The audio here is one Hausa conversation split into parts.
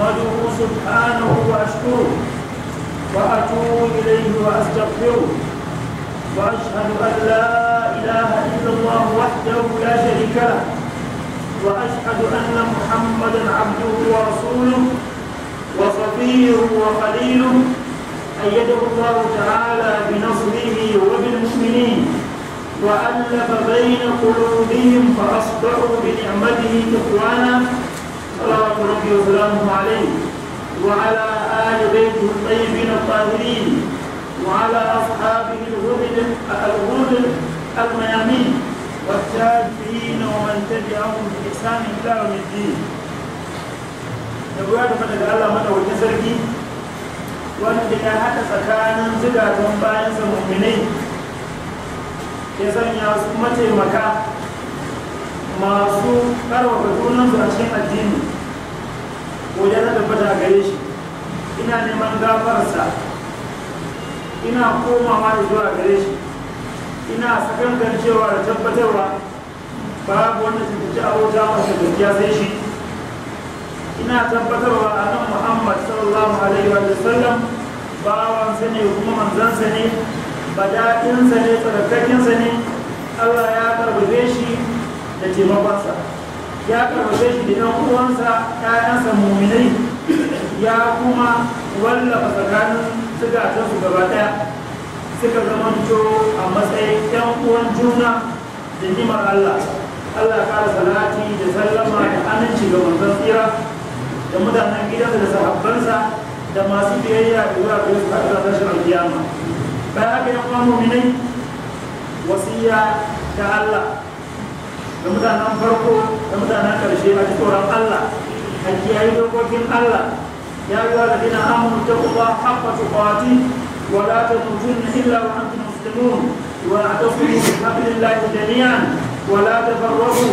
احمده سبحانه واشكره واتوب اليه واستغفره واشهد ان لا اله الا الله وحده لا شريك له واشهد ان محمدا عبده ورسوله وصفيه وخليله ايده الله تعالى بنصره وبالمؤمنين والف بين قلوبهم فاصبحوا بنعمته اخوانا صلوات ربي وسلامه عليه وعلى آل بيته الطيبين الطاهرين وعلى أصحابه الغرد الغرد الميامين والتابعين ومن تبعهم بإحسان إلى يوم الدين. Yabuwa da fata Allah mana wajen sarki wanda ya haɗa tsakanin zigatan bayansa mummunai ya sanya su mataimaka masu karfafa su a cikin addini wajen na tabbata a gare shi ina neman gafarsa ina komawa da zuwa gare shi ina sakan cewa da tabbatarwa babu wanda a wuta masu gaskiya sai shi ina tabbatarwa a nan muhammad sallallahu alaihi wa sallam bawansa ne kuma manzansa ne badatinsa ne tsarkakinsa ne allah ya karbe shi da taimakonsa ya karfashe shi da yan uwansa ƴaƴansa muminai ya kuma wallafa tsakanin zugatansu gaba ɗaya suka zamanto a matsayin yan uwan juna da nimar Allah Allah kara salati da sallama da aminci ga manzon tsira da mutanen gidansa da sahabbansa da masu biyayya da wurare su haɗu da sashen alkiyama bayan haka yan uwan muminai wasiya ta Allah da mutanen farko da mutanen karshe a ji tsoron Allah a kiyaye dokokin Allah ya yi wa da dina amon ta kuma haɓa tukwati wa la ta mutum illa wa an tun muslimun wa a tafi haɓin lafi jami'an wa la ta farrahu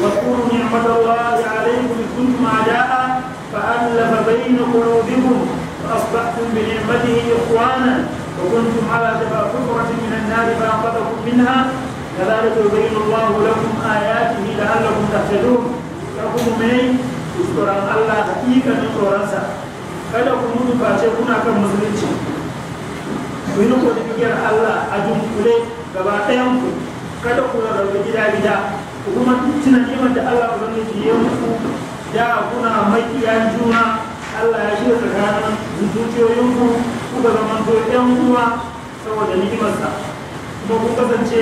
wa kuru ni'mat Allah ya alaikum kuntum ada'a فألف بين قلوبكم فأصبحتم بنعمته إخوانا وكنتم على شفا حفرة من النار فأنقذكم منها Gaza كذلك يبين الله لكم آياته لعلكم تهتدون لكم من tsoron Allah hakikanin tsoronsa kada ku mutu face kuna kan musulunci ku yi kodifikiyar Allah a dunkule gaba ɗayan ku kada ku rarrabu gida gida ku kuma tuna neman da Allah ubangiji ya muku da kuna makiyan juna Allah ya shirya tsakanin zuciyoyinku kuka zama to ɗan uwa saboda ni'imarsa kuma kun kasance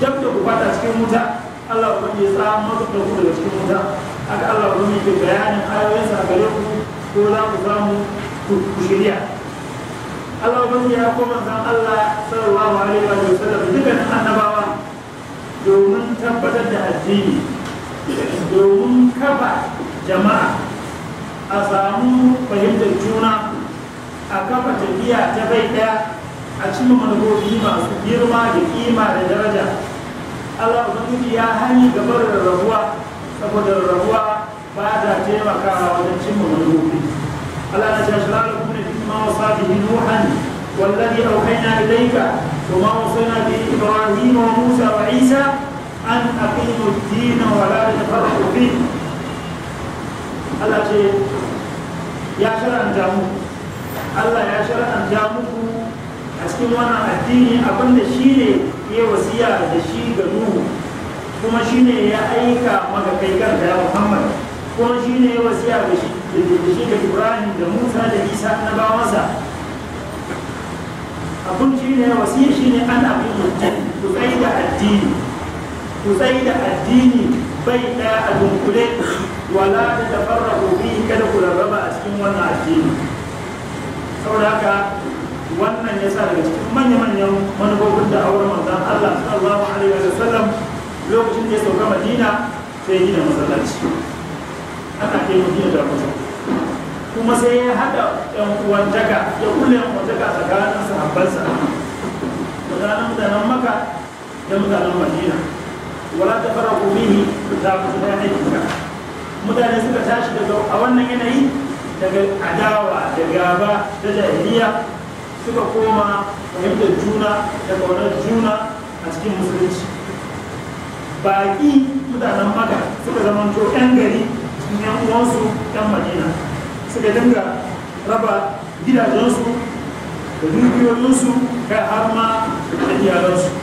dab da ku fada cikin wuta Allah ku ya tsamar da ku daga cikin wuta haka Allah ku ke bayanin ayoyinsa gare ku ko za ku samu ku shirya Allah ku ya koma san Allah sallallahu alaihi wa sallam dukkan annabawa domin tabbatar da addini domin kafa jama'a a samu fahimtar juna a kafa tafiya ta bai daya a cikin manufofi masu girma da kima da daraja Allah ubangiji ya hani gabar rarrabuwa saboda rarrabuwa ba ta taimakawa wajen cimma manufofi Allah na shashi lalata kuma fi ma wasa bihi nuhan wallazi auhayna ilayka wa ma wasayna da ibrahim wa musa wa isa an aqimu ad wa la tafarraqu Allah ce ya shar'anta mu Allah ya shar'anta muku a cikin wannan addini da shi ne ya wasiya da shi ga nuhu kuma shi ne ya aika maka kai kan da muhammad kuma shi ne ya wasiya da shi ga ibrahim da musa da isa na bawansa abin shi ne wasiya shi ne ana bin mutum ku tsayi da addini ku tsayi da addini bai ɗaya a dunkule wala da tafarra gobe kada ku rarraba a cikin wannan addini saboda haka wannan ya sa daga cikin manya-manyan manufofin da auren manzan Allah sallallahu alaihi wa sallam lokacin da ya sauka Madina sai gina masallaci ana kai Madina da kusa kuma sai ya hada ɗan uwan daga ya kulle ɗan uwan daga tsakanin sahabbansa mutanen mutanen Makka da mutanen Madina wala ta fara kumihi za ku ta ɗaya mutane suka tashi daga a wannan yanayi daga adawa da gaba da jahiliya suka koma fahimtar juna da ƙaunar juna a cikin musulunci baƙi mutanen maka suka zamanto 'yan gari cikin 'yan uwansu 'yan madina suka dinga raba gidajensu da dukiyoyinsu kai har ma da iyalansu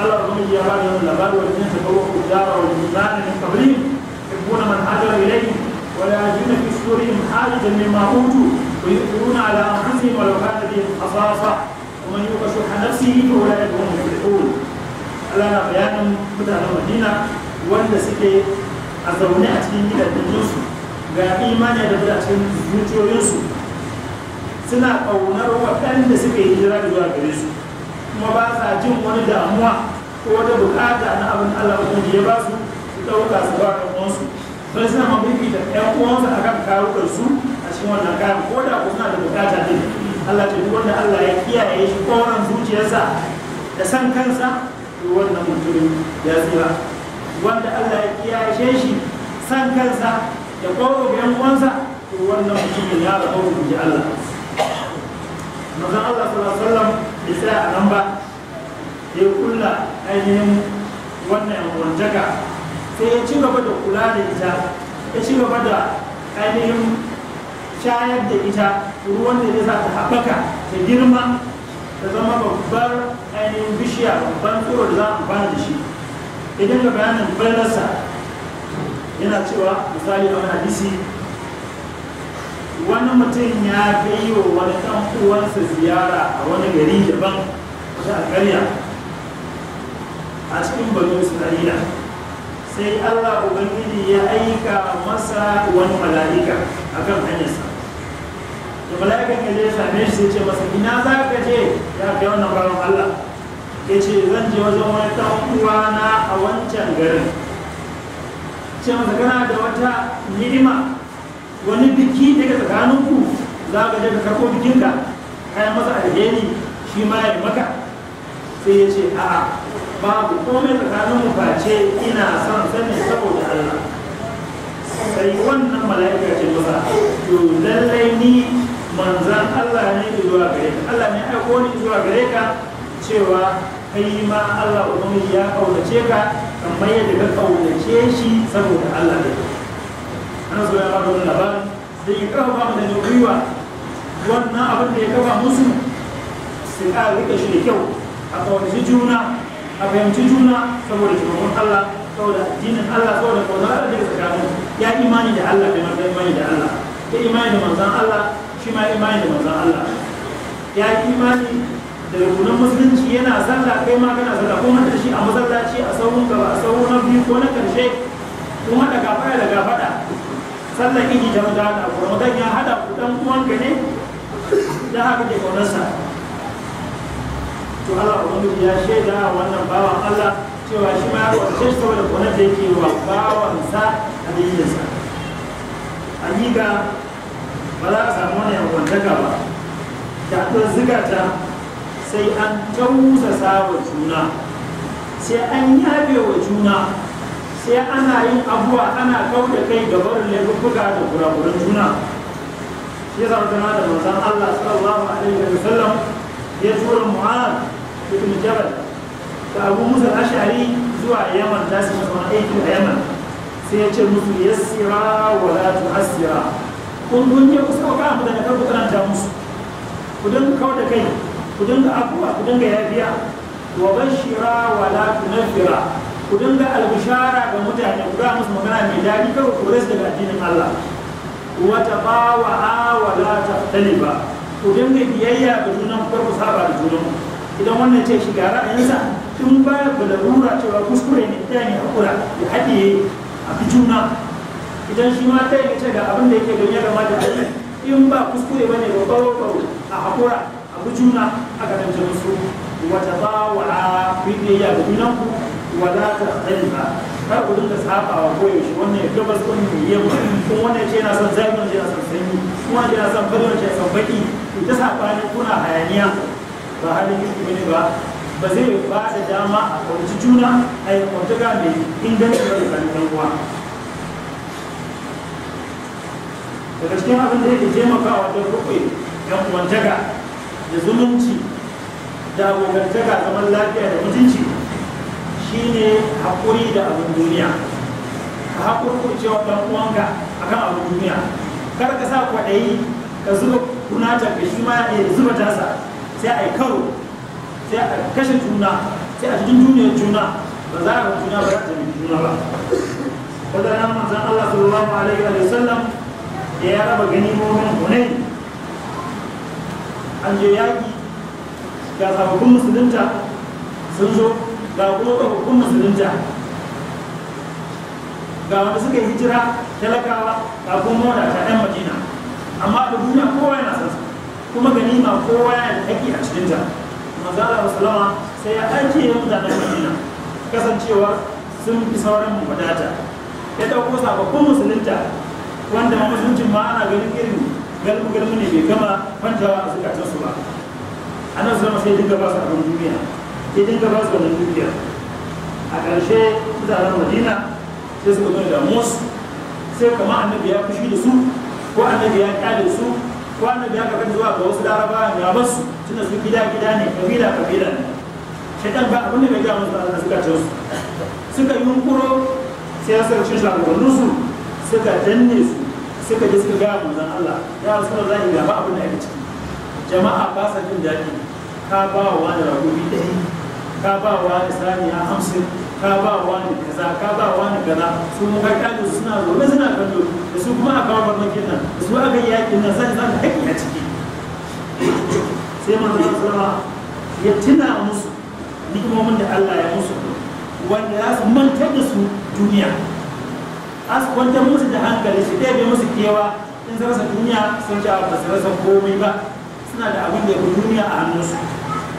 Allah ba ya ba da labari wani jinsa ko ko dara wa jinana min qabli ibuna man hajara wani ajiyar da yajiduna in surihim hajajan mimma utu ويؤثرون على انفسهم ولو كان بهم خصاصه ومن يوق شح نفسه فاولئك هم المفلحون Allah na bayanin mutanen Madina wanda suke a zaune a cikin gidajensu ga imani da a cikin zuciyoyinsu suna ƙaunar waɗanda suka yi hijira zuwa gare su kuma ba sa jin wani damuwa ko wata bukata na abin Allah ya ba su su ɗauka su ba ɗan uwansu sai suna mamaki da ƴan uwansa a kan su a cikin wannan kayan ko da ko suna da bukata ne Allah ce duk wanda Allah ya kiyaye shi koran zuciyarsa da san kansa to wannan mutumin ya tsira wanda Allah ya kiyaye shi san kansa da koran ƴan uwansa to wannan mutumin ya rabu da Allah manzon Allah sallallahu alaihi wasallam bai tsaya a nan ba ya kulla ainihin wannan wanjaka sai ya ci gaba da kula da ita ya ci gaba da ainihin shayar da ita ruwan da ya za ta haɓaka ya girma ta zama babbar ainihin bishiya babban tsoro da za a amfana da shi idan ga bayanin bayanarsa yana cewa misali a wani hadisi wani mutum ya kai wa wani ɗan uwansa ziyara a wani gari daban wata alƙarya a cikin banu isra'ila sai Allah Ubangiji ya aika masa wani mala'ika akan hanyarsa da mala'ika ya je same shi sai ce masa ina za ka je ya fi wannan bawan Allah ya ce zan je wajen wani ɗan na a wancan garin ce masa kana da wata ni'ima wani biki daga tsakaninku za ka je ka karko bikinka kayan masa alheri shi ma ya maka sai ya ce a'a babu komai tsakanin face ina son sani saboda Allah sai wannan mala'ika ce masa to lallai ni manzan Allah ne zuwa gare ka Allah ne aiko ni zuwa gare ka cewa kai ma Allah ubangiji ya kaunace ka kamar yadda ka kaunace shi saboda Allah ne ana so ya ba da labarin da ya kafa ba da gwiwa wannan abin da ya kafa musu su ka rika shi da kyau a ƙaunaci juna a fahimci juna saboda shugaban Allah saboda addinin Allah saboda kaunar Allah daga tsakanin ya imani da Allah bai masa imani da Allah ya imani da manzan Allah shi ma imani da manzan Allah ya imani da rukunan musulunci yana sallah kai ma kana sallah ko mata shi a masallaci a sauran gaba a sauran na biyu ko na karshe kuma da gafara da gafada sallar iji ta mutane a kuma ya haɗa ku dan uwanka ne da haka ke kaunarsa to Allah ubangiji ya shaida wannan bawan Allah cewa shi ma ya kwace saboda kwanar da yake wa bawansa a dalilinsa hakika ba za a samu wani yankwantaka ba da ziga ta. sai an tausasa wa juna sai an yabe wa juna sai ana yin abuwa ana kau da kai da barin laifuka da kurakuran juna shi zama da manzan Allah sallallahu alaihi wa sallam ya tura mu'amala. ibn jabal da abu musa ashari zuwa yaman za su zama aiki a yaman sai ya ce musu yassira wa la tu'assira kun kun ya kusa ka mu daga kanku karanta musu ku dinga kawar da kai ku dinga abuwa ku dinga yafiya wa bashira wa la tunfira ku dinga albishara ga mutane ku ga musu magana mai daɗi kawai ku rasu daga addinin Allah wa tabawa wa la tahtaliba ku dinga biyayya ga junan ku kar ku saba da junan ku idan wannan ce shiga ra'ayinsa in baya da rura cewa kuskure ne ta ne hakura ya haɗiye a fi juna idan shi ma ta yi ce ga abin da yake don ya ma da in ba kuskure ba ne ba ba a hakura a fi juna a gaban jinsu wata ba wa a fi biyayya ga wa wala ta ba kar ku dinga sabawa koyaushe wannan ya gabas ne ya ba kuma wannan ce yana son zai wannan ce yana son sanyi kuma yana son bari ce yana son ta kuna hayaniya ba halin kirki bane ba ba zai ba da dama a kwanci juna a yi kwantaka mai inganci da tsakanin ɗan uwa daga cikin abin da yake taimakawa don rufe yan kwantaka da zumunci da abokantaka zaman lafiya da mutunci shine haƙuri da abin duniya ka cewa ɗan uwanka akan abin duniya kar ka sa kwaɗayi ka zuba kunatan ka shi ma ya zuba tasa sai a yi karo sai a kashe juna sai a cikin duniyar juna ba za a juna ba za a bi juna ba wata nan manzan Allah sallallahu alaihi wa sallam ya raba ganimomin hunai an je yaki ga sababbin musulunta sun zo ga kuma sababbin musulunta ga wanda suka yi hijira talakawa ga kuma wadata 'yan madina amma da duniya kowa yana san su kuma ganima kowa ya da haƙƙi a cikin ta maza Allah sai ya ajiye mutanen Madina Kasancewa sun fi sauran wadata ya dauko sababbin musulunta wanda ma musuluncin ma ana ganin irin galmu galmu ne bai gama kwantawa a zukatan su ba nan zama sai dinga ba su abin duniya sai dinga ba su wannan duniya a ƙarshe mutanen Madina sai suka zo da musu sai kama annabi ya fushi da su ko annabi ya kyale su Kwanan da aka kan zuwa ga wasu laraba ya basu tunda su gida gida ne kabila kabila ne shaitan ba abin da bai gaya musu Allah suka ce su suka yunkuro sai ya sarki shagonin su suka danne su suka je suka gaya manzon Allah ya rasu da zai ga ba abin da yake ciki jama'a ba sa jin daɗi ka ba wa da ragobi ɗaya ka ba wa da a hamsin ka ba wani kaza ka ba wani kaza su mu ka kalu suna zaune suna kallo da su kuma a kawo farmakin nan da su aka yi yakin nan sai zan haƙi a ciki sai manzon sallama ya tuna musu ni'imomin da Allah ya musu wanda za su manta da su duniya a su kwantar musu da hankali shi ɗaya bai musu kewa in su rasa duniya sun ci a basu rasa komai ba suna da abin da ya fi duniya a hannunsu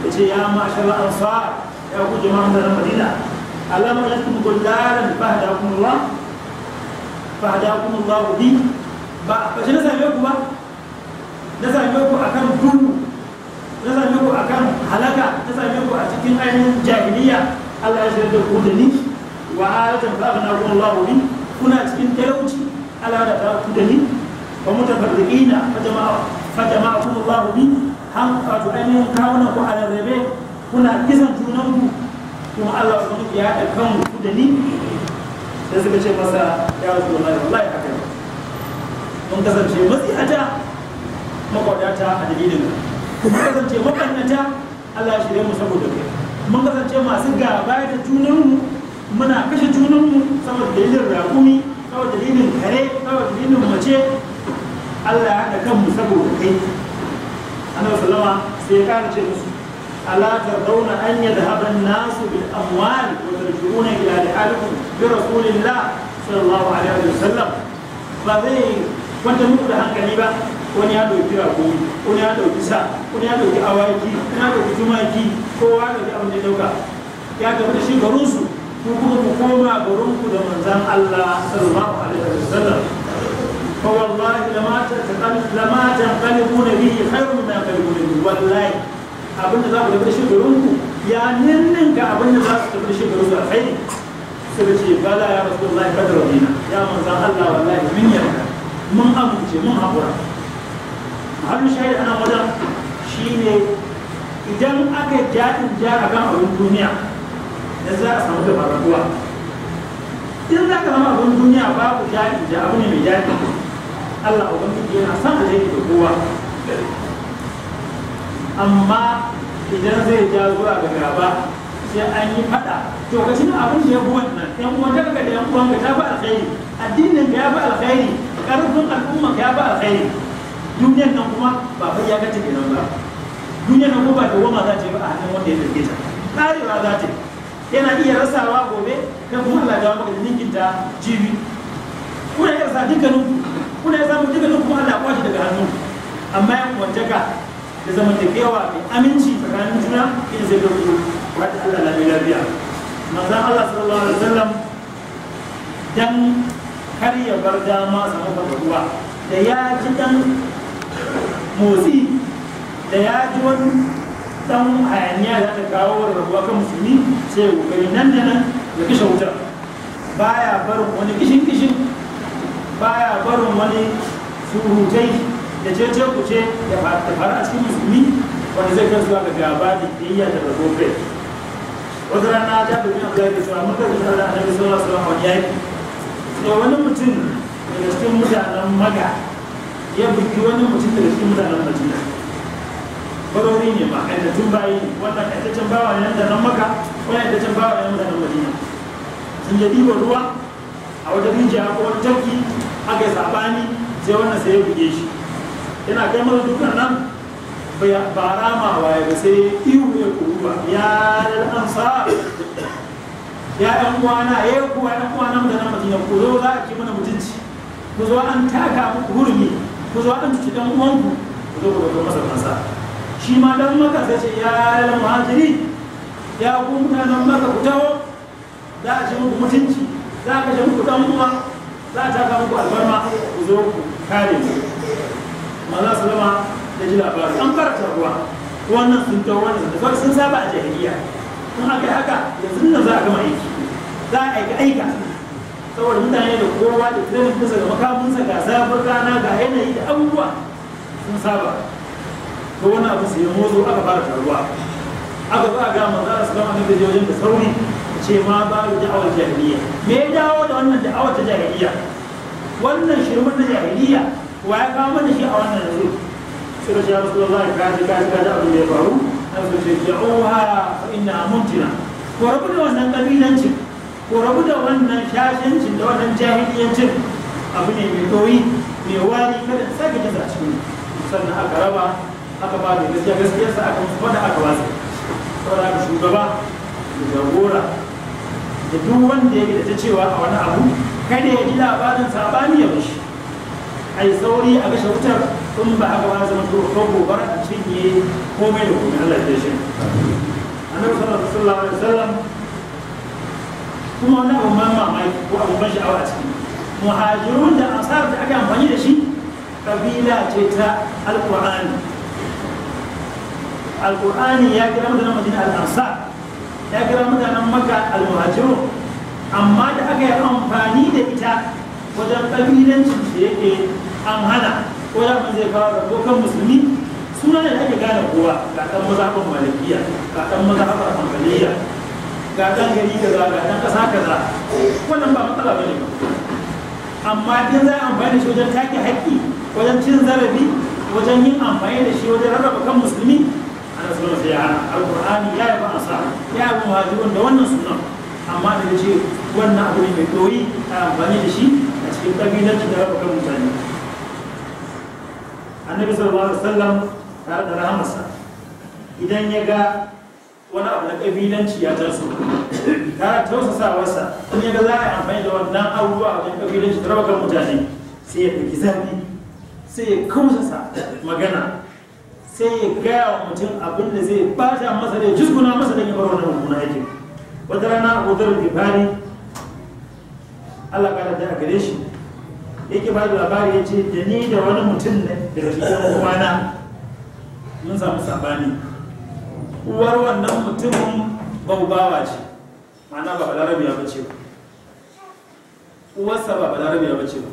ya ce ya ma'ashar ansar ya ku jama'an da madina Allah أجدكم ضلالا فهداكم الله فهداكم الله بي ba ba shi na same ku ba na same ku akan duhu na same ku akan halaka na same ku a cikin ainihin jahiliya Allah ya shirya da ku da ni wa ayatan fa na ku Allah ni kuna cikin talauci Allah da ta ku da ni wa mutafarriqina fa jama'a fa jama'akum Allah ni han fa ainihin kawuna ku a rarrabe kuna kisan junan ku kuma Allah su ya haɗa kan da ni da suka ce masa ya rasu wallahi wallahi haka ne mun kasance matsiyata makwadata a dalilin mun kasance mabannata Allah ya shirye mu saboda kai mun kasance masu gaba da junanmu muna kashe junanmu saboda dalilin rakumi saboda dalilin kare saboda dalilin mace Allah ya haɗa kanmu saboda kai annabi sallama sai ya kara ce musu ألا ترضون أن يذهب الناس بالأموال وترجعون إلى رحالكم برسول الله صلى الله عليه وسلم فذي كنت مقول هنك نبا wani ya ɗauki ragowi wani ya ɗauki sa wani ya ɗauki awaki wani ya ɗauki tumaki kowa ya ɗauki abin da ɗauka ya tafi da garinsu ko kuma ku koma garinku da manzan Allah sallallahu alaihi wasallam fa wallahi lama ta lama tanqalibuna abinda za ku tafi da ku ya nannan ga abinda za su tafi da shekarun su alkhairi suka ce bala ya rasu Allah ya kadar wajena ya manzan Allah wallahi min yarda mun amince mun haƙura mahallin shahid ana shi ne idan aka jaɗin ja a kan abin duniya da za a samu barakuwa Idan za ka zama abin duniya babu jaɗin ja abu ne mai jaɗin Allah ubangiji yana son alheri da kowa amma idan zai ja zuwa ga gaba sai an yi fada to ka cin abin da ya fi nan yan uwan da da yan uwan ka ta ba alkhairi addinin ka ya ba alkhairi karfin al'umma ka ya ba alkhairi duniyan nan kuma ba fa ya gace kenan ba duniyan nan kuma ba ta goma za ta yi ba a hannun wanda ya zarge ta karewa za ta yi yana iya rasawa gobe da kuma Allah ya maka ninkin ta jibi kuna iya sa dukkanin kuna yasa mu dukkanin kuma Allah ya kwashi daga hannu amma yan uwan wantaka da kewa da aminci tsakanin juna in zai gabu ba ta Allah na mai lafiya Maza Allah sallallahu alaihi wasallam dan har ya bar dama samu faɗaɗuwa da ya ji dan motsi da ya ji wani dan hayaniya da ta kawo rabuwa kan musulmi sai ya kokari nan da nan ya kishe wutar baya barin wani kishin kishin baya barin wani surutai da jeje ku ce da fara a cikin musulmi wanda zai kai zuwa ga gaba da kiyayya da rabo kai wata rana ta biyan gari da su amma kai zuwa da annabi sallallahu alaihi wasallam yaki da wani mutum daga cikin mutanen maga ya buki wani mutum daga cikin mutanen madina barori ne ma aikatun bayi ne wannan aikacin bawa ne da nan maka wannan aikacin bawa ne nan madina sun je ɗiba ruwa a wajen rijiya ko wani tafki aka yi sabani sai wannan sai ya buge shi yana gama dukkan nan ba rama waye ba sai ihu ne kuruwa ya lalansa ya ɗan uwana ya yi kuwa ɗan uwana mu da nan madina ku zo za a ki mana mutunci ku zo an taka muku hurumi ku zo an cuci ɗan uwanku ku zo ku zo masa kansa shi ma ɗan maka sai ce ya lal ya ku mutanen maka ku taho za a ci muku mutunci za a kashe muku ɗan uwa za a taka muku albarma ku zo ku kare mu manzo sallama ya ji labari an fara taruwa wannan sun tawo wannan da sun saba a jahiliya in aka yi haka yanzu nan za a gama aiki za a aika aika saboda mutane da kowa da tunanin kusa da makamunsa ga zafin rana ga yanayi da abubuwa sun saba to wani abu sai mozo aka fara taruwa aka ba ga manzo Allah sallallahu alaihi wasallam wajen da sauri ce ma ba da da'awar jahiliya me ya dawo da wannan da'awar ta jahiliya wannan shirman na jahiliya wa ya kawo mana shi a wannan yanzu sai da shi ya rasu Allah ka ji ka ji ka ji da ya faru Na su ce ja'uha fa inna muntina ko rabu da wannan ƙabilancin, ko rabu da wannan shashancin da wannan jahiliyancin abu ne mai doyi mai wari kada sake kisa cikin sannan aka raba aka ba da gaskiya gaskiyarsa aka musu fada aka wasa saboda ka shugaba da jagora da duk wanda ya da ta cewa a wani abu kada ya ji labarin sabani ya mishi a yi sauri a kashe wutar tun ba a ba zama turu ko gobara a cinye komai da kuma Allah ya shi annabi sallallahu alaihi wasallam kuma wani abu ma mamaki ko abu ban sha'awa a ciki muhajirun da ansar da aka amfani da shi kabila ce ta alqur'ani alqur'ani ya kira mutanen madina al-ansar ya kira mutanen makka al-muhajirun amma da aka yi amfani da ita wajen kabilancin da yake an hana ko da zai fara dokan musulmi suna ne ake gane kowa ga ɗan mazaɓar malikiya ga ɗan mazaɓar hankaliya ga ɗan gari kaza ga ɗan ƙasa kaza wannan ba matsala ba ne ba. amma idan za a amfani da shi wajen take haƙƙi wajen cin zarafi wajen yin amfani da shi wajen rarraba kan musulmi ana suna sai ya alƙur'ani ya yi ba'asa ya yi muhajirun da wannan sunan amma da ce wannan abu ne mai ɗoyi a amfani da shi cikin kabilanci da raba kan mutane annabi sallallahu alaihi wasallam tare da rahamarsa idan ya ga wani abu na kabilanci ya taso tare da tausasawarsa in ya ga za a yi amfani da wannan abubuwa wajen kabilanci da raba kan mutane sai ya ɗauki zafi sai ya kausasa magana sai ya gaya wa mutum abin da zai bata masa da ya jizguna masa da ya bar wani mummuna aikin wata rana abu zarar bari Allah k'a da a gare shi yake ba da labari ya ce da ni da wani mutum daga cikin uwana mun samu sabani uwar wannan mutumin babbawa ce ma'ana ba balarabiya ya bace ba uwarsa ba balarabiya ya bace ba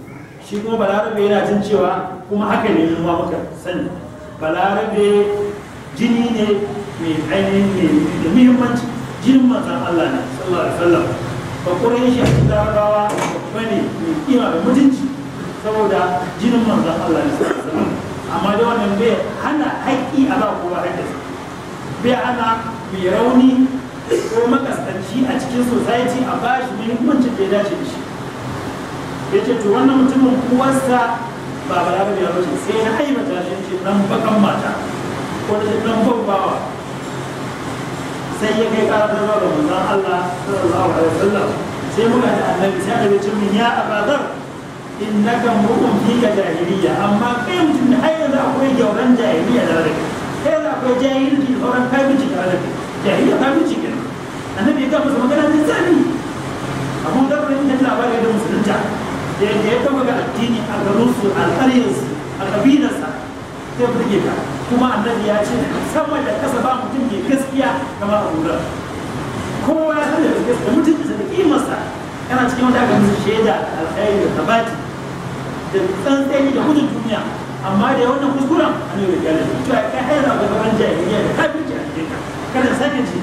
shi kuma balarabe yana jin cewa kuma haka ne ma muka sani balarabe jini ne mai ainihin mai da muhimmanci jinin manzan Allah ne sallallahu alaihi wasallam ba kurai shi a cikin larabawa ba ne mai kima da mutunci saboda jinin manzan Allah ne amma da wannan bai hana haƙƙi a ba kowa haƙƙinsa bai hana mai rauni ko makasanci a cikin society a ba shi muhimmancin da ya dace da shi ya ce to wannan mutumin kuwarsa ba bala ba ya ba sai na aibata shi ce nan bakan mata ko da nan bawa sai ya kai kara zuwa ga manzan Allah sallallahu alaihi wasallam sai muka da annabi sai a ya abadar innaka mutum fi ka jahiliya amma kai mutum da har yanzu akwai gyauran jahiliya da rarrabe kai yanzu yi jahilci da kai mu da rarrabe jahiliya kafinci ke nan annabi ya kama magana da zani abun gabarin yan labari da musulunta da ya kama ga addini a garinsu a ƙaryarsu a ƙabilarsa sai burge ka kuma annabi ya ce sama da kasa ba mutum ke gaskiya kamar abu kowa ya san da gaskiya mutum da kimarsa kana cikin wata aka musu shaida alkhairi da tabati da ni da kudin duniya amma da wannan a an yi gyara shi to kai har da gaban jahiliya da kafin jahiliya kada sake ji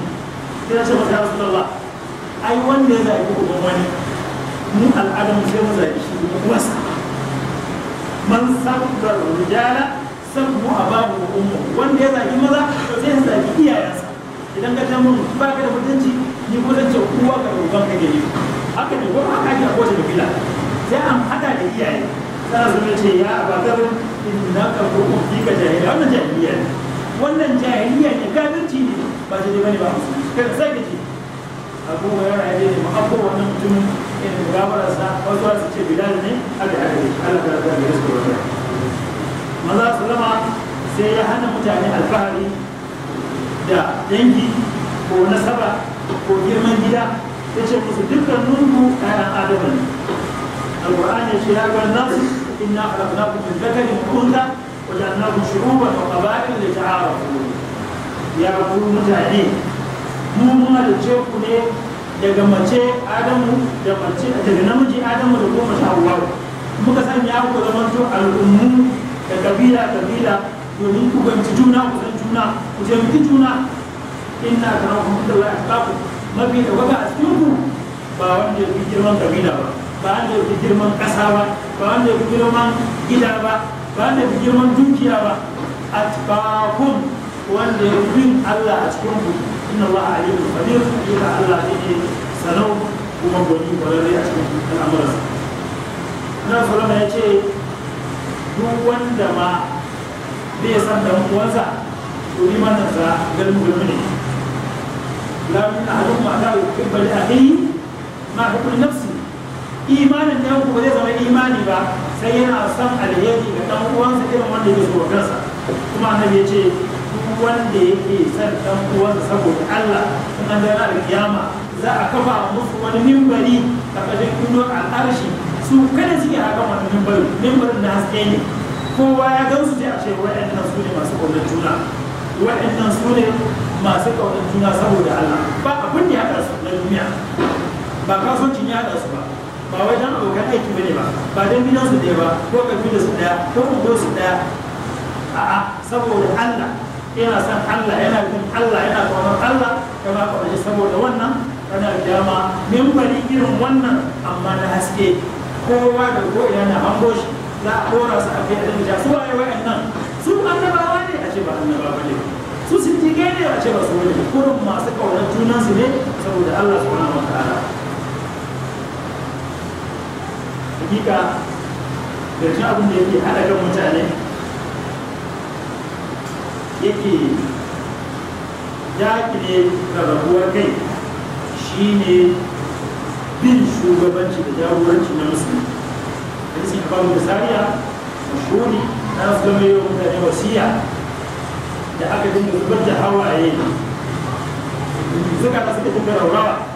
kira shi masa rasulullah ai wanda ya zaɓi uban wani mu al'adam sai mu zaɓi shi kuma sa man sabbar rijala sabbu abahu ummu wanda ya zaɓi maza to sai ya zaɓi iyayensa idan ka ta mun ba ka da mutunci ni ko zan ce kowa ka roƙon uban ka gari haka ne ko haka ake a kowace kabila sai an hada da iyaye za su ce ya ba ta na karɓo mafi ka jahiliya wannan jahiliya ne wannan jahiliya ne gabirci ne ba ta bane ba kada sai ka ce abu wa yara ya ne ma'abbo wannan mutumin yana da gabara sa wasu su ce bilal ne haka haka ne Allah ta rabu da su wata maza sallama sai ya hana mutane alfahari da dangi ko nasaba ko girman gida ya ce musu dukkan nunku ɗayan adama ne القرآن يا أيها الناس إنا خلقناكم من ذكر وأنثى وجعلناكم شعوبا وقبائل لتعارفوا يا رب mu muna da ku ne daga mace adamu da mace daga namiji adamu da goma sha uwa muka sanya ku zama to al'ummu da kabila kabila domin ku ganci juna ku san juna ku taimaki juna inna kana ku da Allah ya mafi da waka a cikin ku ba wanda ya fi girman kabila ba ba an da girman kasa ba ba an da girman gida ba ba an da girman dukiya ba atbaqun wanda ya bin Allah a cikin ku inna Allah alimul qadir ila Allah yake sanau kuma gani kwararre a cikin al'amuran na sallama ya ce duk wanda ma bai san dan uwansa to ni ma nan sa galmu galmu ne la min ahadun ma da yuqibbu li akhihi ma hukmu nafsi imanin ɗan ku zai zama imani ba sai yana san alheri ga ɗan uwansa irin wanda yake so kansa kuma annabi ya ce duk wanda yake son ɗan uwansa saboda Allah kuma da ranar kiyama za a kafa musu wani mimbari a ƙarshen kudo al'arshi su kada suke haka wani mimbari mimbarin na haske ne kowa ya gamsu sai a ce waɗannan su ne masu ƙaunar juna waɗannan su ne masu ƙaunar juna saboda Allah ba abin da ya haɗa su na duniya ba kasuwancin ya haɗa su ba wai dan abokan aiki bane ba ba dan gidansu ɗaya ba ko kabilarsu ɗaya ko unguwarsu ɗaya a saboda Allah yana san Allah yana bin Allah yana kwanar Allah kama kwanar saboda wannan kana dama min mimbari irin wannan amma na haske kowa da ko ina na hango shi za a kora su a kai da ja su waye wa'annan su annabawa ne a ce ba annabawa ne su sun ne a ce ba su wani kurin masu kaunar junansu ne saboda Allah subhanahu wa ta'ala hakika da cikin abin da yake hada kan mutane yake dakile rarrabuwar kai shine bin shugabanci da jagoranci na musulmi hadisin abu da sariya mashuri na su zama yau mutane wasiya da aka dinga zubar da hawaye suka suka dinga raurawa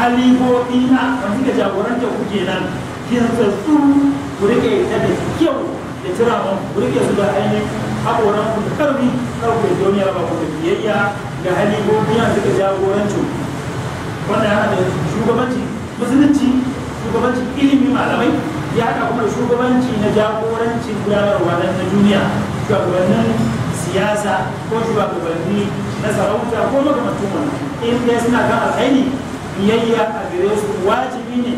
halifofi na da suka jagoranta ku kenan kintsatsu ku rike ta da kyau da turawan ku rike su da ainihin haƙoran ku da ƙarfi kar ku duniya ba ku da biyayya ga halifofi na suka jagoranci wanda yana da shugabanci musulunci shugabanci ilimi malamai ya haɗa kuma da shugabanci na jagoranci gudanarwa na duniya shugabannin siyasa ko shugabanni na sarauta ko makamantu wannan in dai suna kan alhaini biyayya a gare su wajibi ne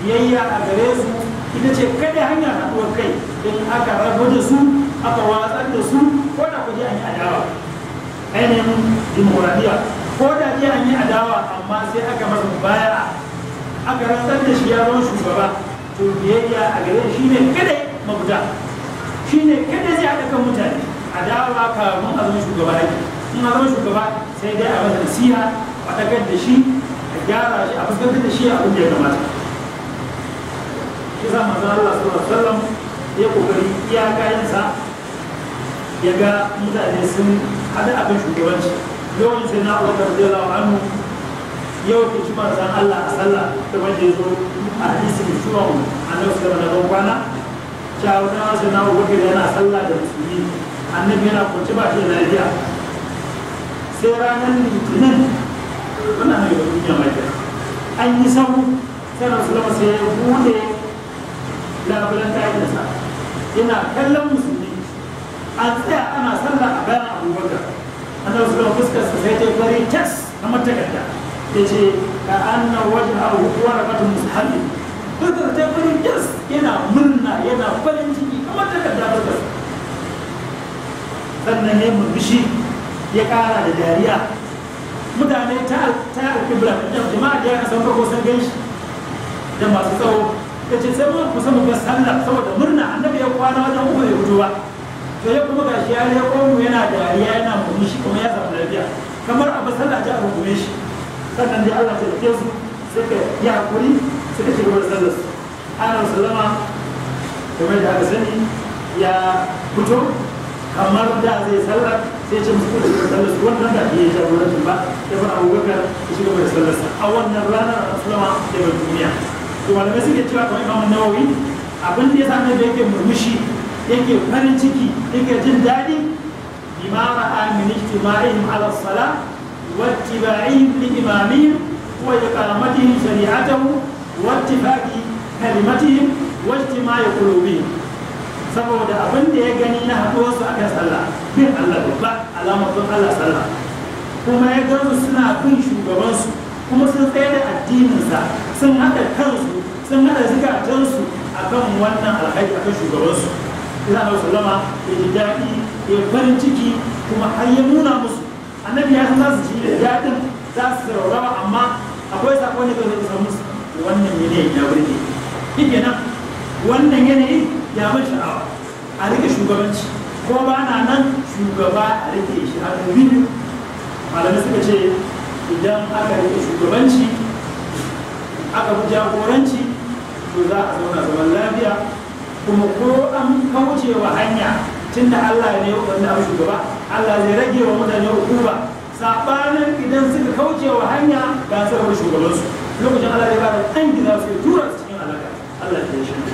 biyayya a gare su ita ce kada hanya haɗuwar kai in aka rabu da su aka watsar da su ko da kuje an yi adawa ainihin dimokuraɗiyya ko da ji an yi adawa amma sai aka mu baya aka rantsar da shi yaron shugaba to biyayya a gare shi ne kada mafuta shi ne kada zai haɗa kan mutane adawa kamun a zama shugaba ne in a zama shugaba sai dai a masa nasiha a ɗagar da shi a gyara shi a fuskantar da shi a da ya kamata shi sa manzo Allah sallallahu wasallam ya kokari iya kayansa ya ga mutane sun hada abin shugabanci yawan sai na Abu Bakar radiyallahu anhu yau ke shi manzo Allah a sallah ta wanda ya zo a hadisi da shi wa annabi sallallahu alaihi wasallam cewa wani sai na Abu yana sallah da musulmi annabi yana kwance ba shi da lafiya sai ranar litinin wannan hanyar duniya mai kyau an yi sabu sai rasulama sai ya bude labulan kayansa yana kallon musulmi a tsaya ana sallah a bayan abubakar annabi sallallahu fuskarsa sai ta fari tas na matakarda ya ce ka anna wajen abu kuwa rabatun musulmi fuskar ta fari tas yana murna yana farin ciki kamar takarda fuskar sannan ya murmushi ya kara da dariya mutane ta ta ɗan jama'a da ya kasan farko san gan shi da masu tsawo ya ce sai mun kusa mu ga sallah saboda murna annabi ya kwana wajen uku ya fito ba to ya kuma gashi ya ya komo yana dariya yana murmushi kuma ya samu lafiya kamar abu sallah ta abu gume shi sannan dai Allah ta rike su ka yi hakuri suka ci gaba da sallar su ana sallama kamar da aka sani ya fito kamar da zai sallar sai ce musu kudu da sallar wannan da ya ba ya fara abubakar ya shiga bai sa a wannan ranar asulama ya bai duniya to malamai suke cewa kamar imam nawawi abin da ya sa annabi yake murmushi yake farin ciki yake jin daɗi bima ra'a min ijtima'ihim ala salah wa ittiba'ihim li imamihim wa iqamatihim shari'atahu wa ittifaqi kalimatihim wa ijtima'i qulubihim saboda abin da ya gani na haɗuwarsu a kan sallah bin Allah ba alamar don Allah sallah kuma ya gansu suna bin shugabansu kuma sun tsaye da addininsa sun haɗa kansu sun haɗa zikatansu a kan wannan alhaji a kan shugabansu ina da sallama ya ji daɗi ya farin ciki kuma har ya nuna musu annabi ya san za su ji da daɗin za su saurawa amma akwai sakon da ga zai musu wannan yanayin ya burge duk wannan yanayi ya mace sha'awa a rike shugabanci ko ba na nan shugaba a rike shi a domin malamai suka ce idan aka rike shugabanci aka fi jagoranci to za a zauna zaman lafiya kuma ko an kauce wa hanya tun da Allah ne ya wanda a shugaba Allah zai rage wa mutane hukuma sabanin idan suka kauce wa hanya ga saboda shugabansu lokacin Allah zai ba da ɗan gida su tura su cikin alaka Allah ya shi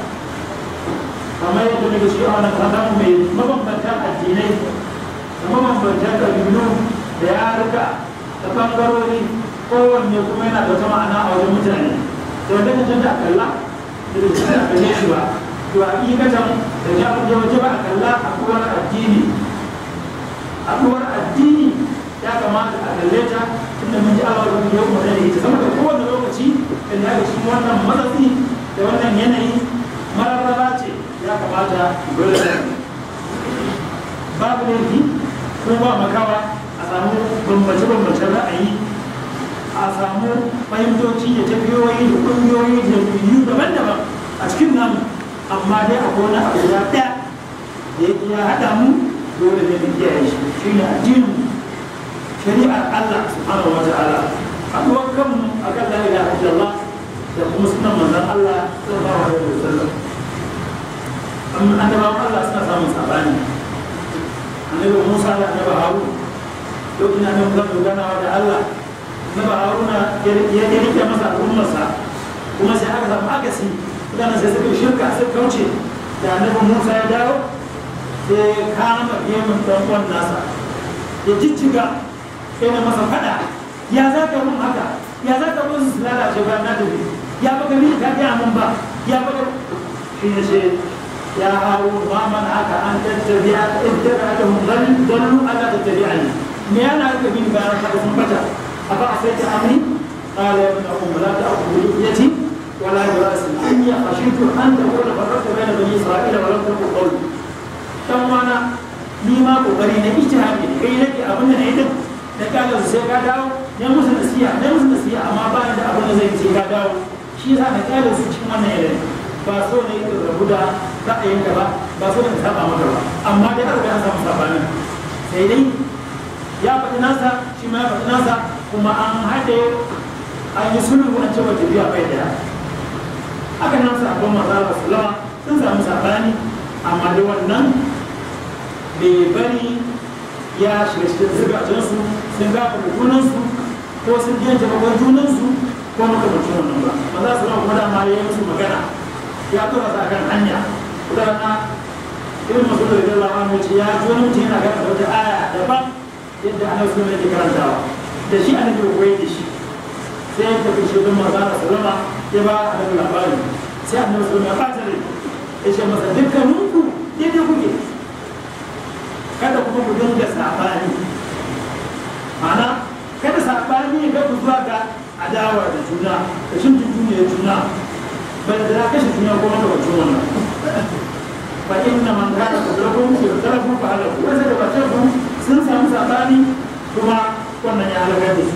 amma yadda muke cewa na samu mai mabambanta addinai da mabambanta ƙabilu da yaruka da ɓangarori kowanne kuma yana da sama a wajen mutane da wanda ka canza a kalla da da canza a kalle shi ba to a ƙiƙatan da ya fi waje ba a kalla a kowar addini a kowar addini ya kamata a kalle ta tunda mun ji awa rubu yau mutane ita saboda kowane lokaci da ya ga cikin wannan matsatsi da wannan yanayi mararraba ce ya kamata dole babu laifi ko ba makawa a samu bambance-bambancen ra'ayi a samu fahimtoci da tafiyoyi da kungiyoyi da biyu daban-daban a cikin namu amma dai a gona a guda ɗaya da ya haɗa mu dole ne mu kiyaye shi shi ne addinin shari'ar Allah subhanahu wa ta'ala haɗuwar kanmu akan la ilaha illallah da kuma sunan manzon Allah sallallahu alaihi wasallam an annabawan Allah suna samun sabani annabi Musa da annabi Harun lokacin da muka doganawa da Allah annabi Haruna ya rike masa al'ummarsa kuma sai aka samu akasi mutanen sai suka shirka suka kauce da annabi Musa ya dawo sai ya kama gemun ɗan nasa ya jijjiga sai na masa fada ya za ka mun haka ya za ka mun lalace ba na tafi ya baka ni ka ga mun ba ya baka shi ne يا هارون ما منعك أن تتبع إذ تبعتهم ضلوا ألا تتبعني ميانا الكبير بارك الله متى أفعصيت أمري قال يا ابن أم لا تأخذ بلحيتي ولا برأسي إني خشيت أن تقول فرقت بين بني إسرائيل ولم تكن قولي ثم أنا نيما kokari na ijtihadi kai nake abin da na yi da kaga su sai ka dawo ne musu nasiha ne musu nasiha amma ba da abin da zai ce ka dawo shi yasa na kaga su cikin wannan yanayi ba so ne ka rabu da ra'ayinka ba ba so ne ka saba mata ba amma dai aka ga samu sabani sai dai ya faɗi nasa shi ma ya faɗi nasa kuma an haɗe an yi sulhu an ce wata biya bai daya aka nan sabon maza ba su lawa sun samu sabani amma dai wannan bai bari ya shiga cikin zirgajensu sun gafa junansu ko sun biyan jama'a junansu ko mutum wannan ba maza su lawa kuma da ma ya yi musu magana ya tura sa kan hanya wata rana irin masu da rigar lawan ya ji wani mutum yana gasa wata aya daban yadda ana su ne ke karantawa da shi ana ke koyi da shi sai ya tafi shi don maza da salama ya ba a daga labarin sai a nan salama ya ɓata rai ya ce masa dukkaninku daidai kuke kada kuma ku dinga saɓani ma'ana kada saɓani ya ga ku zuwa ga adawar da juna da shin juna Perderá que ese señor pone los chulones. Para que una da pero como si el teléfono para los jueces de Pacheco, sin saber si está ni toma con la ñada de Jesús.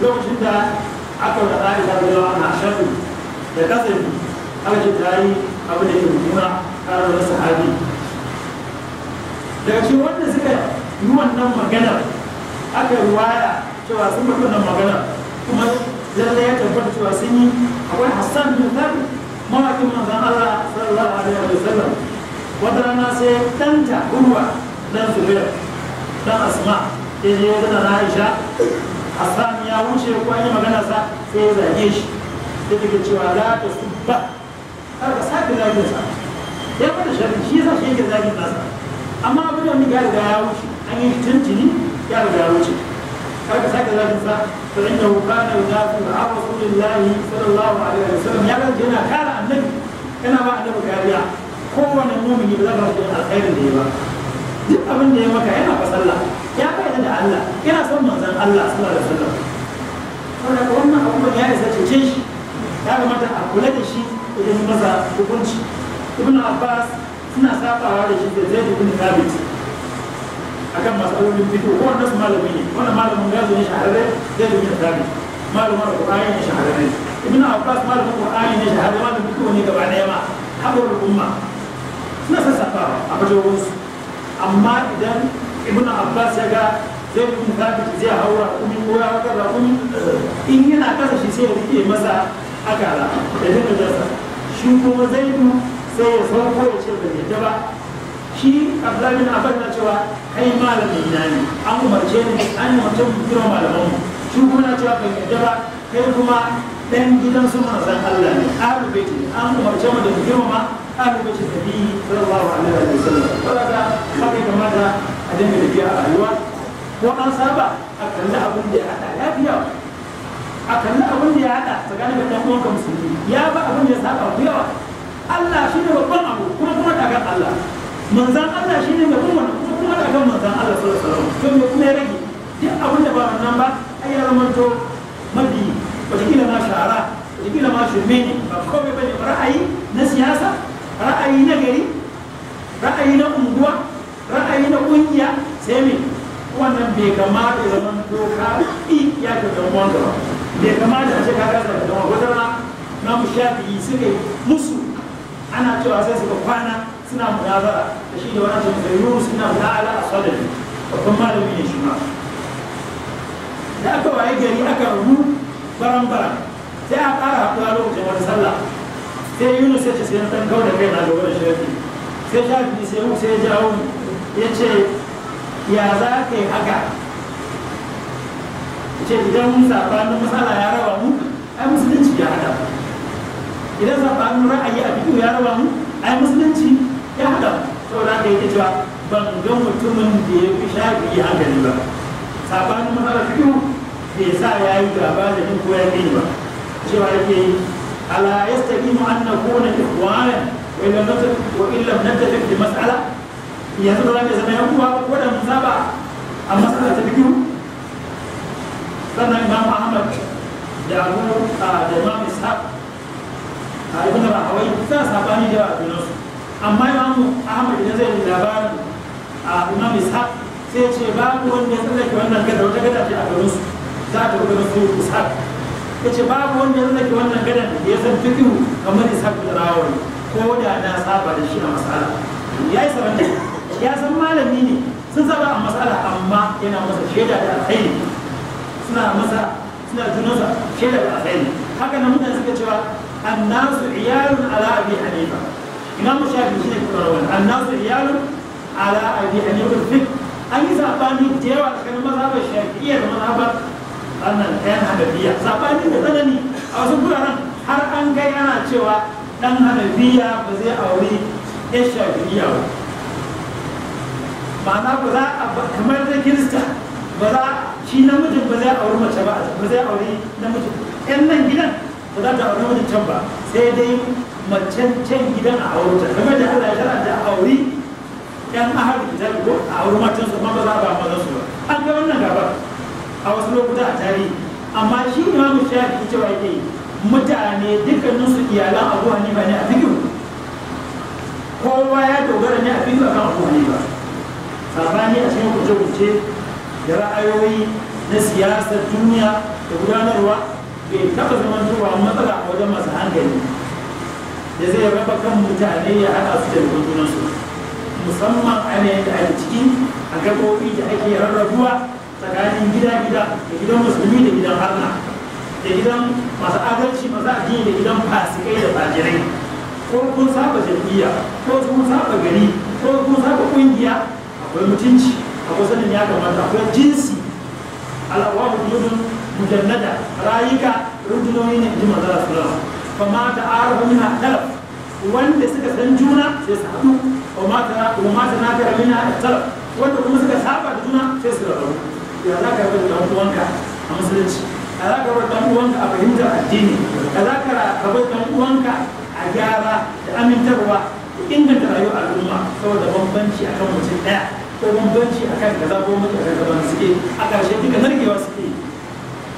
Luego se da a colgar y saber lo van a hacer. De casa, a ver si trae a ver si una a la de Sahagi. Daga cikin wanda suka yi wannan maganar aka yi waya cewa sun mutu wannan maganar kuma lalle ya tabbata cewa sun yi akwai hassan bin thabit mawaƙin manzon Allah sallallahu alaihi wa sallam wata rana sai danta urwa dan zubair dan asma ya je ya na Aisha hassan ya wuce ko an yi magana sa sai ya zage shi ya take cewa za ta subba har ka sake zagin sa ya fada sharri shi yasa shi yake zagin nasa amma abin da ya riga ya wuce an yi tuntuni ya riga ya wuce فكسك ذلك فإنه كان يدافع عن رسول الله صلى الله عليه وسلم يا رجل هنا كان النبي كان ما النبي كاريا هو من المؤمن يبلغ الخير اللي يبقى duk abin da ya maka yana fasalla ya kai da Allah yana son manzon Allah sallallahu alaihi wasallam saboda ka wannan abu ya isa cece shi ya kamata a kula da shi idan masa hukunci ibn Abbas suna sabawa da shi da Zaid akan masu matsalolin fito ko wannan malami ne wanda malamin ya zo ne shahararre zai zo ne tabi malamin da alqur'ani ne shahararre ibnu abbas malamin alqur'ani ne shahararre malamin fito ne gaba daya ma habar umma suna sassafawa a fajorin su amma idan ibnu abbas ya ga zai fi yi tabi zai haura kuma ko ya haka da kuma in yana kasa shi sai ya rike masa akala da fi jasa shi kuma zai fi sai ya sauko ya ce da ta ba shi abdullahi na abbas na cewa kai malamin ina ne an umarce ni an yi mutum kiran malaman mu shi kuma na cewa kai yadda ba kai kuma dan gidan su manzon Allah ne ahlul bait an umarce mu da girmama ahlul bait nabi sallallahu alaihi wa sallam saboda haka kamata a da tafiya a rayuwa ko an saba a kalli abin da ya hada lafiya a kalli da ya hada tsakanin da dan uwanka musulmi ya ba abun da ya saba yawa Allah shi ne babban abu kuma kuma tagar Allah manzan Allah shi ne mai kuma kuma da kan manzan Allah su su wasallam don kuma ya rage duk abin da ba nan ba ai ya zama to mabi wataƙila ma shara wataƙila ma shirme ne ba komai bane ra'ayi na siyasa ra'ayi na gari ra'ayi na unguwa ra'ayi na ƙungiya sai me wannan bai kamata ya zama doka i ya ka zama wanda ba bai kamata a ce ka kasa da zama wata na mu shafi suke musu ana cewa sai suka kwana suna munazara da shi da wani abu da yunus suna munazara a da babban malami ne shi ma da aka waye gari aka rubu baran baran sai a fara haɗuwa lokacin wani sallah sai yunus ya ce sai na san kawai da kai na gaba da shirki sai shafi sai mu sai jawo ya ce ya za ka yi haka ya ce idan mun sabanin matsala ya raba mu ai musulunci ya haɗa idan na ra'ayi a fito ya raba mu ai musulunci ya haɗa saboda yi yake cewa ban ga mutumin da ya fi shafi ya hankali ba sabanin matsalar fiƙo bai sa ya yi gaba da ni ko ya gani ba cewa yake yi ala yastaqimu an nakuna ikhwana wa illam wa illam nattafiq da mas'ala yanzu ba za ka zama yankuwa uwa ko da mun saba a mas'ala ta fiƙo sannan imam ahmad da abu da imam ishaq a ibn rahawai sa sabani da junansu amma imamu ahmad da zai mu labarin a imam ishaq sai ce babu wanda ya tsallake wannan gadar wata gada ce a garin su za ta rubuta su ishaq ya ce babu wanda ya tsallake wannan gadar da ya san fikihu kamar ishaq da rawani ko da na saba da shi a masala ya yi sabanta ya san malami ne sun saba a masala amma yana masa shaida da alkhairi suna masa suna junansa shaida da alkhairi haka nan mutane suka cewa annasu iyalun ala abi hanifa imamu shafi shi ne kuma rawar annasu iyalun ala abi hanifin fik an yi sabani da yawa tsakanin mazhabar shafi'iyya da mazhabar annan ɗayan hanafiya sabani da tsanani a wasu guraren har an ga yana cewa ɗan hanafiya ba zai auri ya shafi'iyya ba ma'ana ba za a kamar da kirista ba za shi namijin ba zai auri mace ba ba zai auri namijin yan nan gidan ba za ta auri namijin can ba sai dai macen can gidan a aurata kamar da Allah ya tara da aure yan ahadu ta ko a aure matan su kuma za a ba maza su ba an ga wannan gaba a wasu lokuta a tarihi amma shi ne sha shafi cewa yake mutane dukkanin su iyalan abu hanifa ne a fikihu kowa ya dogara ne a fikihu akan abu hanifa sabani a cikin kuce-kuce da ra'ayoyi na siyasar duniya da gudanarwa bai taɓa zama zuwa matsala a wajen masu hankali da zai raba kan mutane ya haɗa su da junansu musamman ana da a cikin a gaɓoɓi da ake rarrabuwa tsakanin gida gida da gidan musulmi da gidan harna da gidan masu adalci masu addini da gidan fasikai da fajirai ko kun saba jam'iyya ko kun saba gari ko kun saba kungiya akwai mutunci akwai sanin ya kamata akwai jinsi al'awamu yudun mujallada rayuka rundunoni ne ji da sallallahu fa ma ta arahu minha talaf wanda suka san juna sai su haɗu wa mata ta wa ma ta nakara minha talaf wanda kuma suka saba da juna sai su rabu ya za ka rabu da uwanka a musulunci a za ka rabu da uwanka a fahimtar addini a za ka rabu da uwanka a gyara da amintarwa da inganta rayuwar al'umma saboda bambanci akan mutum ɗaya ko bambanci akan kaza ko mutum da gaban suke a ƙarshe duka narkewa suke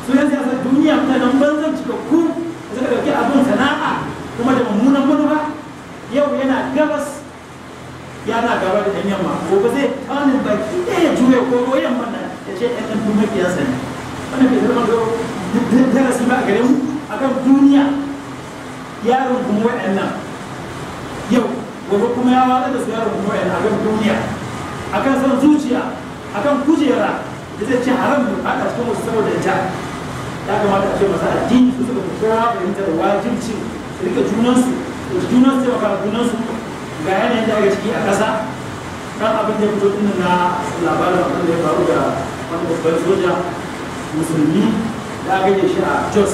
su ne siyasar duniya mutanen banzan cikakku suka ɗauki abin sana'a kuma da mummunan manufa yau yana gabas yana gaba da ɗan yamma gobe zai tanin baki ɗaya ya juya ko ko yamma na ya ce ɗan ɗan makiyansa ne wannan ke zama da darasi ba a gare mu kan duniya yaron kuma waɗannan yau gobe kuma ya wada da su yaron kuma waɗannan kan duniya kan son zuciya kan kujera da zai ce haram ne ba a cikin wasu saboda ja ya kamata a ce masu addini su suka fi kowa fahimtar wajibci su rike junansu da junansu taimaka junansu ga yanayin da ake ciki a kasa kan abin da ya fito din na labarin abin da ya faru da wani babban soja musulmi da aka yi shi a jos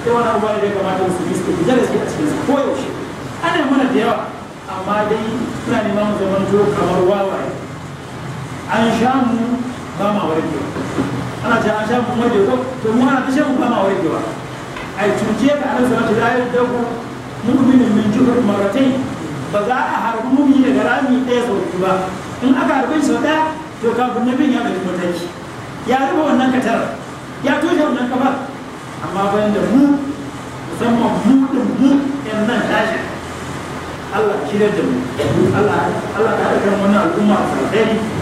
sai wani abubuwa da ya kamata musulmi su fita da a cikinsu koyaushe ana yi mana da yawa amma dai suna neman mu zamanto kamar wawaye an sha mu ba ma warkewa ana ce an sha mu kuma ko to mu ana ta sha mu kama wai kewa ai cuce ka ana sana ta dai da ku mu'minin min jihar maratai ba za a harbi mumini daga rami ɗaya sau biyu ba in aka harbe sau ɗaya to kafin na bin ya ɗauki mataki ya raba wannan katar ya toshe wannan kafa amma bayan da mu musamman mu ɗin mu ɗin nan tashi Allah kira da mu Allah Allah ta harkar wani al'umma a alheri